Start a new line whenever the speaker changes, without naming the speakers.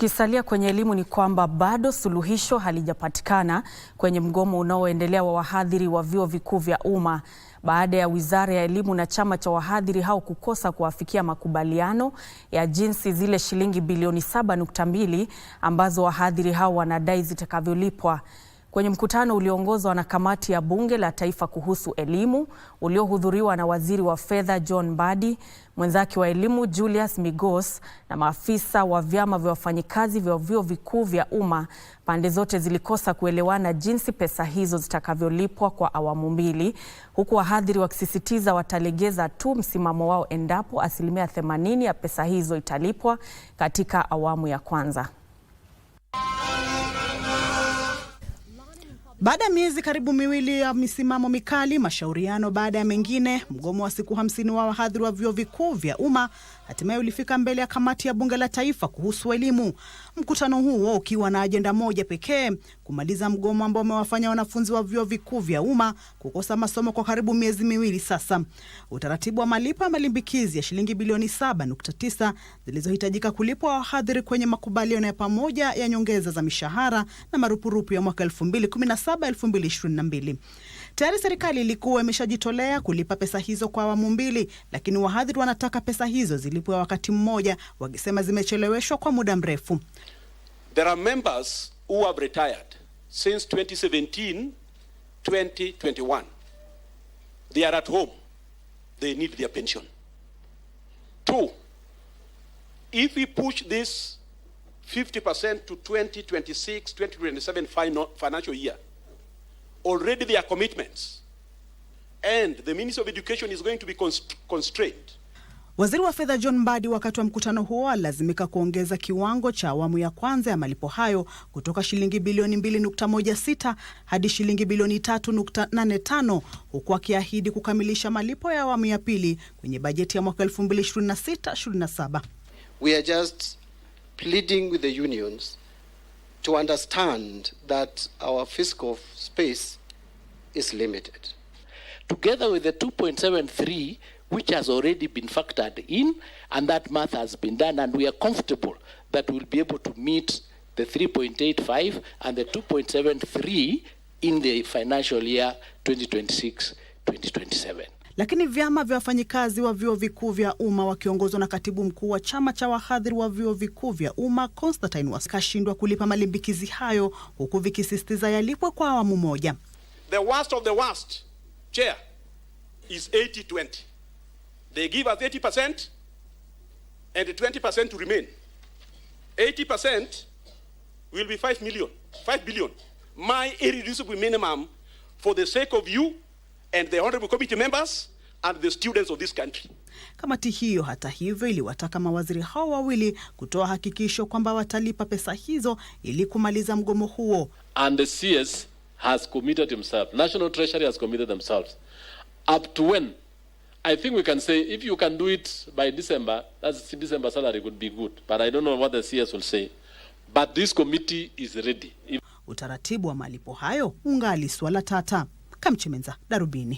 Tukisalia kwenye elimu ni kwamba bado suluhisho halijapatikana kwenye mgomo unaoendelea wa wahadhiri wa vyuo vikuu vya umma baada ya Wizara ya Elimu na chama cha wahadhiri hao kukosa kuafikia makubaliano ya jinsi zile shilingi bilioni 7.2 ambazo wahadhiri hao wanadai zitakavyolipwa. Kwenye mkutano ulioongozwa na kamati ya bunge la taifa kuhusu elimu uliohudhuriwa na waziri wa fedha John Mbadi, mwenzake wa elimu Julius Migos na maafisa wa vyama vya wafanyikazi vya vyuo vikuu vya umma, pande zote zilikosa kuelewana jinsi pesa hizo zitakavyolipwa kwa awamu mbili, huku wahadhiri wakisisitiza watalegeza tu msimamo wao endapo asilimia 80 ya pesa hizo italipwa katika awamu ya kwanza. Baada ya miezi karibu miwili ya misimamo mikali, mashauriano baada ya mengine, mgomo wa siku hamsini wa wahadhiri wa vyuo vikuu vya umma hatimaye ulifika mbele ya kamati ya bunge la taifa kuhusu elimu, mkutano huo ukiwa na ajenda moja pekee: kumaliza mgomo ambao umewafanya wanafunzi wa vyuo vikuu vya umma kukosa masomo kwa karibu miezi miwili sasa. Utaratibu wa malipo ya malimbikizi ya shilingi bilioni 7.9 zilizohitajika kulipwa wahadhiri kwenye makubaliano ya pamoja ya nyongeza za mishahara na marupurupu ya mwaka 2017 Tayari serikali ilikuwa imeshajitolea kulipa pesa hizo kwa awamu mbili, lakini wahadhiri wanataka pesa hizo zilipwe wakati mmoja, wakisema zimecheleweshwa kwa muda mrefu.
There are members who have retired since 2017 2021. They are at home. They need their pension. Two, if we push this 50% to 2026 2027 financial year already their commitments and the Ministry of Education is going to be constrained.
Waziri wa Fedha John Mbadi wakati wa mkutano huo alilazimika kuongeza kiwango cha awamu ya kwanza ya malipo hayo kutoka shilingi bilioni 2.16 hadi shilingi bilioni 3.85 huku akiahidi kukamilisha malipo ya awamu ya pili kwenye bajeti ya mwaka 2026
We are just pleading with the unions to understand that our fiscal space is limited.
Together with the 2.73, which has already been factored in, and that math has been done, and we are comfortable that we'll be able to meet the 3.85 and the 2.73 in the financial year 2026 2027.
Lakini vyama vya wafanyikazi wa vyuo vikuu vya umma wakiongozwa na katibu mkuu wa chama cha wahadhiri wa vyuo vikuu vya umma Constantine kashindwa kulipa malimbikizi hayo, huku vikisisitiza yalipwe kwa awamu moja.
The worst of the worst, chair, is 80-20. They give us 80% and 20% to remain. 80% will be 5 million, 5 billion. My irreducible minimum for the sake of you and the honorable committee members and the students of this country.
Kamati hiyo hata hivyo iliwataka mawaziri hao wawili kutoa hakikisho kwamba watalipa pesa hizo ili kumaliza mgomo huo.
And the CS has committed himself. National Treasury has committed themselves. Up to when? I think we can say if you can do it by December, that's December salary would be good. But I don't know what the CS will say. But this committee is ready. If...
Utaratibu wa malipo hayo ungali swala tata kha darubini